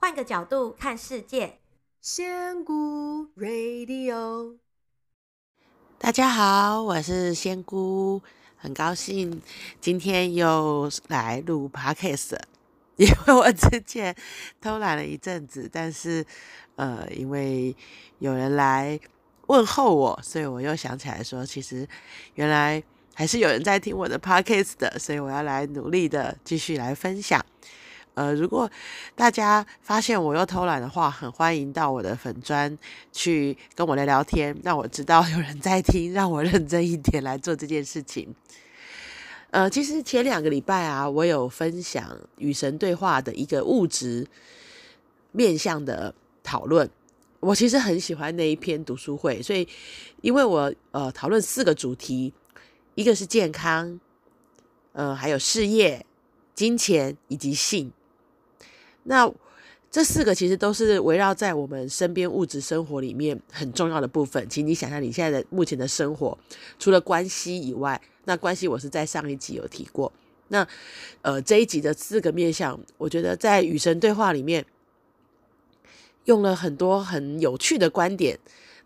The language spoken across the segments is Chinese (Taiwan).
換個角度看世界，仙姑 Radio。大家好，我是仙姑，很高興今天又來錄 Podcast。因為我之前偷懶了一陣子，但是呃，因為有人來問候我，所以我又想起來說，其實原來還是有人在聽我的 Podcast 的，所以我要來努力的繼續來分享。呃，如果大家發現我又偷懶的話，很歡迎到我的粉專去跟我聊聊天，讓我知道有人在聽，讓我認真一點來做這件事情。呃，其實前兩個禮拜啊，我有分享與神對話的一個物質面向的討論，我其實很喜歡那一篇讀書會，所以因為我呃討論四個主題，一個是健康，呃，還有事業、金錢以及性。那這四個其實都是圍繞在我們身邊物質生活裡面很重要的部分。請你想象，你現在的目前的生活，除了關係以外，那關係我是在上一集有提過。那呃，這一集的四個面向，我覺得在與神對話裡面用了很多很有趣的觀點。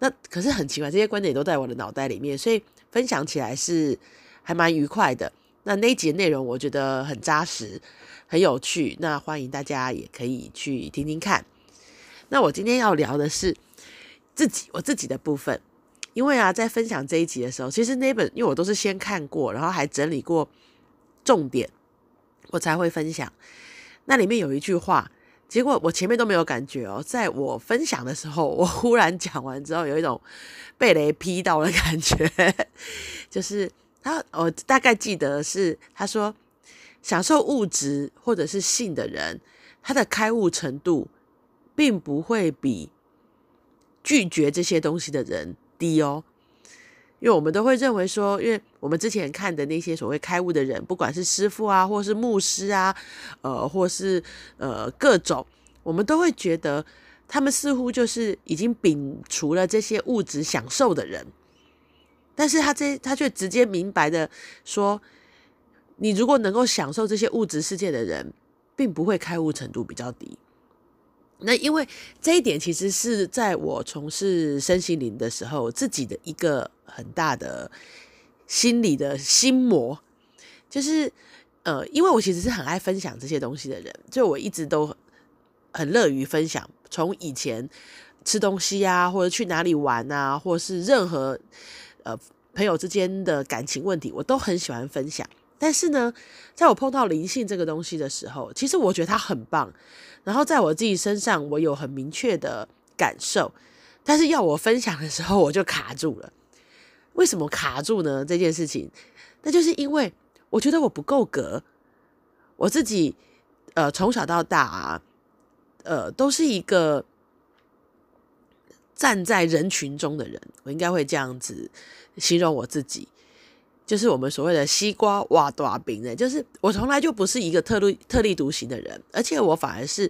那可是很奇怪，這些觀點都在我的腦袋裡面，所以分享起來是還蠻愉快的。那那一集的內容我覺得很扎實。很有趣，那歡迎大家也可以去聽聽看。那我今天要聊的是自己，我自己的部分，因為啊，在分享這一集的時候，其實那本因為我都是先看過，然後還整理過重點，我才會分享。那裡面有一句話，結果我前面都沒有感覺哦，在我分享的時候，我忽然講完之後，有一種被雷劈到的感覺。 就是他，我大概記得是他說。享受物質或者是性的人，他的開悟程度，并不會比拒絕這些東西的人低哦。因為我們都會認為說，因為我們之前看的那些所謂開悟的人，不管是師父啊，或是牧師啊，呃，或是呃各種，我們都會覺得他們似乎就是已經摒除了這些物質享受的人。但是他這他卻直接明白的說。你如果能夠享受這些物質世界的人，並不會開悟程度比較低。那因為這一點，其實是在我從事身心靈的時候，自己的一個很大的心理的心魔，就是呃，因為我其實是很愛分享這些東西的人，就我一直都很樂於分享。從以前吃東西啊，或者去哪裡玩啊，或者是任何呃朋友之間的感情問題，我都很喜歡分享。但是呢，在我碰到靈性這個東西的時候，其實我覺得它很棒。然後在我自己身上，我有很明確的感受。但是要我分享的時候，我就卡住了。為什麼卡住呢？這件事情，那就是因為我覺得我不夠格。我自己，呃，從小到大啊，呃，都是一個站在人群中的人。我應該會這樣子形容我自己。就是我們所謂的“西瓜偎大邊”呢，就是我從來就不是一個特立特立獨行的人，而且我反而是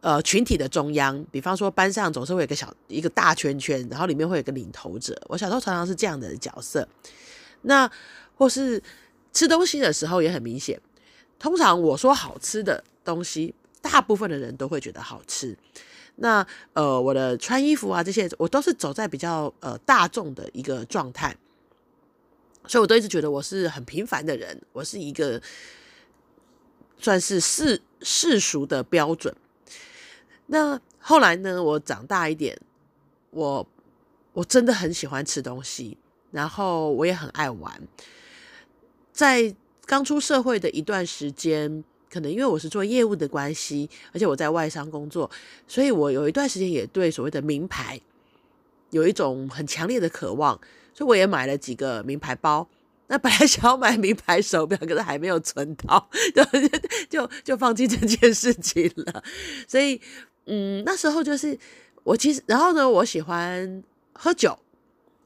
呃群體的中央。比方說班上總是會有個小一個大圈圈，然後裡面會有一個領頭者，我小時候常常是這樣的角色。那或是吃東西的時候也很明顯，通常我說好吃的東西，大部分的人都會覺得好吃。那呃，我的穿衣服啊這些，我都是走在比較呃大眾的一個狀態。所以，我都一直覺得我是很平凡的人，我是一個算是世世俗的標準。那後來呢？我長大一點，我我真的很喜歡吃東西，然後我也很愛玩。在剛出社會的一段時間，可能因為我是做業務的關係，而且我在外商工作，所以我有一段時間也對所謂的名牌有一種很強烈的渴望。所以我也買了幾個名牌包，那本來想要買名牌手錶，可是還沒有存到，對，就就就放棄這件事情了。所以，嗯，那時候就是我其實，然後呢，我喜歡喝酒，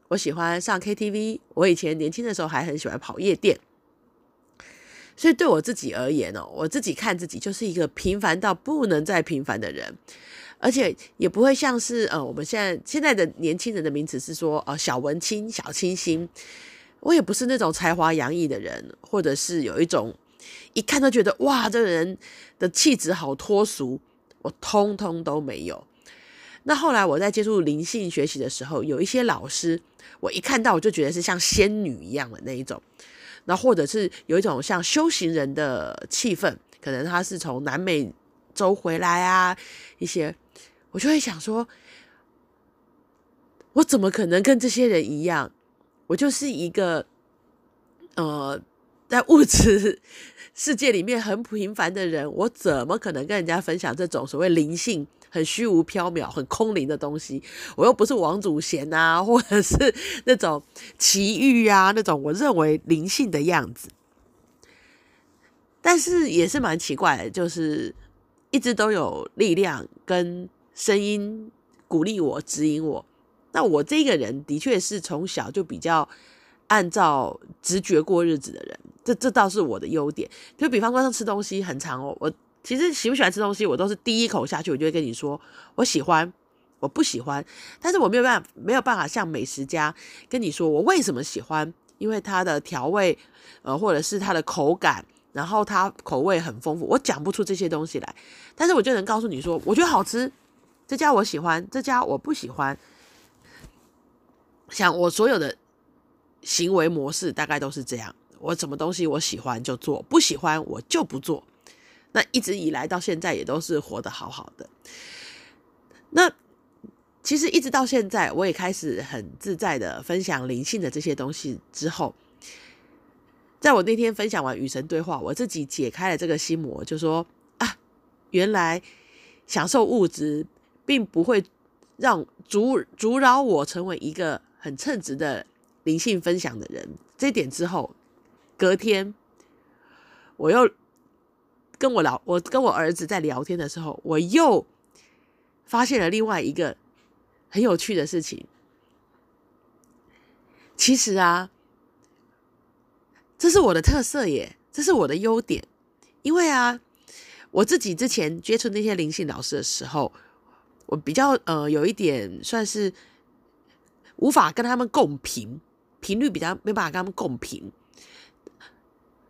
我喜歡上 KTV，我以前年輕的時候還很喜歡跑夜店。所以對我自己而言哦，我自己看自己就是一個平凡到不能再平凡的人。而且也不會像是呃，我們現在現在的年輕人的名詞是說呃，小文青、小清新。我也不是那種才華洋溢的人，或者是有一種一看都覺得哇，這個人的氣質好脫俗，我通通都沒有。那後來我在接觸靈性學習的時候，有一些老師，我一看到我就覺得是像仙女一樣的那一種，然後或者是有一種像修行人的氣氛，可能他是從南美。走回來啊，一些我就會想說，我怎麼可能跟這些人一樣？我就是一個呃，在物質世界裡面很平凡的人，我怎麼可能跟人家分享這種所謂靈性、很虛無縹緲、很空靈的東西？我又不是王祖賢啊，或者是那種奇遇啊，那種我認為靈性的樣子。但是也是蠻奇怪的，就是。一直都有力量跟聲音鼓勵我、指引我。那我這個人的確是從小就比較按照直覺過日子的人，這這倒是我的優點。就比方說像吃東西，很常哦。我其實喜不喜歡吃東西，我都是第一口下去，我就會跟你說我喜歡，我不喜歡。但是我沒有辦法，沒有辦法像美食家跟你說我為什麼喜歡，因為它的調味，呃，或者是它的口感。然後它口味很豐富，我講不出這些東西來，但是我就能告訴你說，我覺得好吃，這家我喜歡，這家我不喜歡。像我所有的行為模式大概都是這樣，我什麼東西我喜歡就做，不喜歡我就不做。那一直以來到現在也都是活得好好的。那其實一直到現在，我也開始很自在的分享靈性的這些東西之後。在我那天分享完與神對話，我自己解開了這個心魔，就說啊，原來享受物質並不會讓阻阻撓我成為一個很稱職的靈性分享的人。這點之後，隔天我又跟我老，我跟我兒子在聊天的時候，我又發現了另外一個很有趣的事情。其實啊。這是我的特色耶，這是我的優點。因為啊，我自己之前接觸那些靈性老師的時候，我比較呃有一點算是無法跟他們共頻，頻率比較沒辦法跟他們共頻。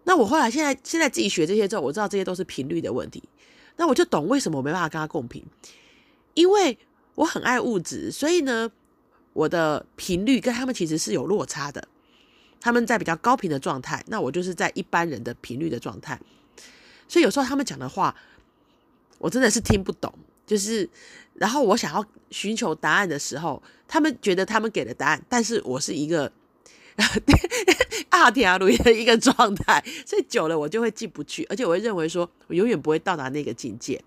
那我後來現在現在自己學這些之後，我知道這些都是頻率的問題。那我就懂為什麼我沒辦法跟他共頻，因為我很愛物質，所以呢，我的頻率跟他們其實是有落差的。他們在比較高頻的狀態，那我就是在一般人的頻率的狀態，所以有時候他們講的話，我真的是聽不懂。就是，然後我想要尋求答案的時候，他們覺得他們給的答案，但是我是一個鴨仔聽雷的一個狀態，所以久了我就會進不去，而且我會認為說我永遠不會到達那個境界。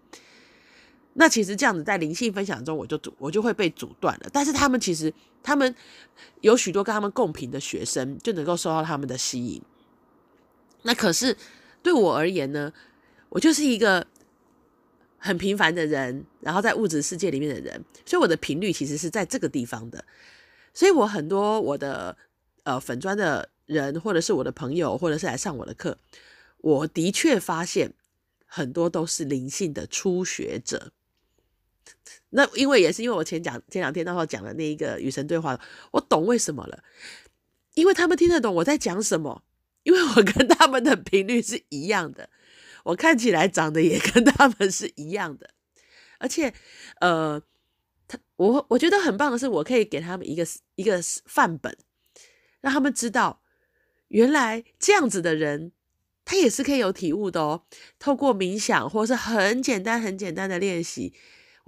那其實這樣子在靈性分享中，我就阻我就會被阻斷了。但是他們其實他們有許多跟他們共頻的學生，就能夠受到他們的吸引。那可是對我而言呢，我就是一個很平凡的人，然後在物質世界裡面的人，所以我的頻率其實是在這個地方的。所以我很多我的呃粉專的人，或者是我的朋友，或者是來上我的課，我的確發現很多都是靈性的初學者。那因為也是因為我前講前兩天那時候講的那一個與神對話，我懂為什麼了，因為他們聽得懂我在講什麼，因為我跟他們的頻率是一樣的，我看起來長得也跟他們是一樣的，而且呃，他我我覺得很棒的是，我可以給他們一個一個範本，讓他們知道，原來這樣子的人他也是可以有體悟的哦，透過冥想或是很簡單很簡單的練習。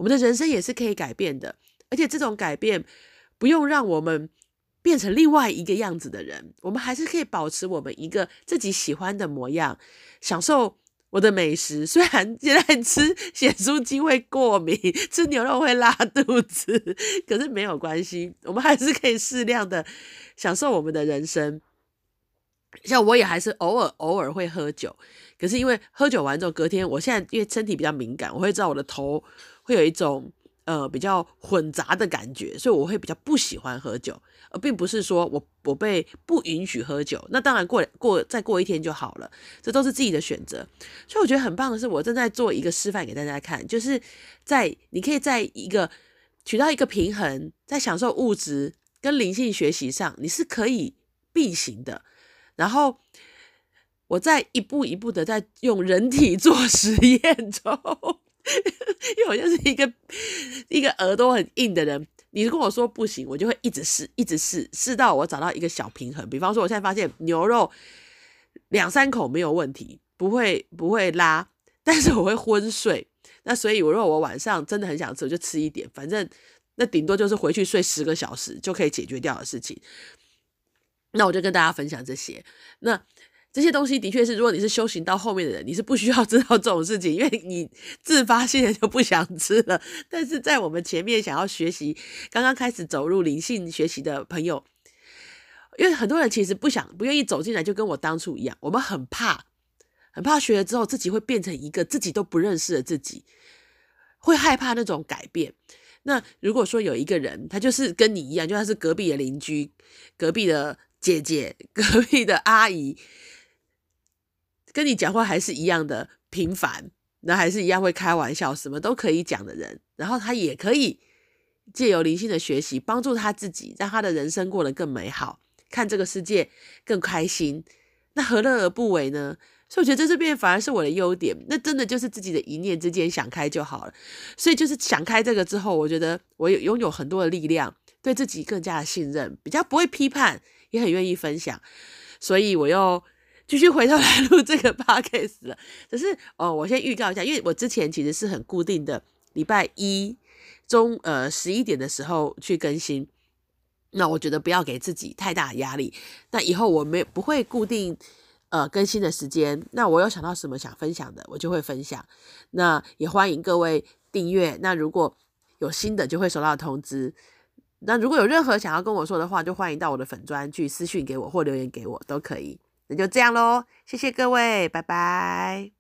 我們的人生也是可以改變的，而且這種改變不用讓我們變成另外一個樣子的人，我們還是可以保持我們一個自己喜歡的模樣，享受我的美食。雖然現在吃鹹酥雞會過敏，吃牛肉會拉肚子，可是沒有關係，我們還是可以適量的享受我們的人生。像我也還是偶爾偶爾會喝酒，可是因為喝酒完之後隔天，我現在因為身體比較敏感，我會知道我的頭。會有一種呃比較混雜的感覺，所以我會比較不喜歡喝酒。而並不是說我我被不允許喝酒，那當然過過再過一天就好了。這都是自己的選擇，所以我覺得很棒的是，我正在做一個示範給大家看，就是在你可以在一個取到一個平衡，在享受物質跟靈性學習上，你是可以並行的。然後我在一步一步的在用人體做實驗中。 因為我就是一個一個耳朵很硬的人，你跟我說不行，我就會一直試，一直試，試到我找到一個小平衡。比方說，我現在發現牛肉兩三口沒有問題，不會不會拉，但是我會昏睡。那所以，我如果我晚上真的很想吃，我就吃一點，反正那頂多就是回去睡十個小時就可以解決掉的事情。那我就跟大家分享這些。那這些東西的確是，如果你是修行到後面的人，你是不需要知道這種事情，因為你自發性的就不想吃了。但是在我們前面想要學習，剛剛開始走入靈性學習的朋友，因為很多人其實不想、不願意走進來，就跟我當初一樣，我們很怕，很怕學了之後自己會變成一個自己都不認識的自己，會害怕那種改變。那如果說有一個人，他就是跟你一樣，就他是隔壁的鄰居、隔壁的姐姐、隔壁的阿姨。跟你講話還是一樣的平凡，那還是一樣會開玩笑，什麼都可以講的人。然後他也可以借由靈性的學習，幫助他自己，讓他的人生過得更美好，看這個世界更開心。那何樂而不為呢？所以我覺得這邊反而是我的優點。那真的就是自己的一念之間想開就好了。所以就是想開這個之後，我覺得我有，擁有很多的力量，對自己更加的信任，比較不會批判，也很願意分享。所以我又。繼續回頭來錄這個 podcast 了，可是哦，我先預告一下，因為我之前其實是很固定的，禮拜一中呃十一點的時候去更新。那我覺得不要給自己太大的壓力。那以後我沒不會固定呃更新的時間。那我有想到什麼想分享的，我就會分享。那也歡迎各位訂閱。那如果有新的就會收到通知。那如果有任何想要跟我說的話，就歡迎到我的粉專去私訊給我或留言給我都可以。那就這樣嘍，謝謝各位，拜拜。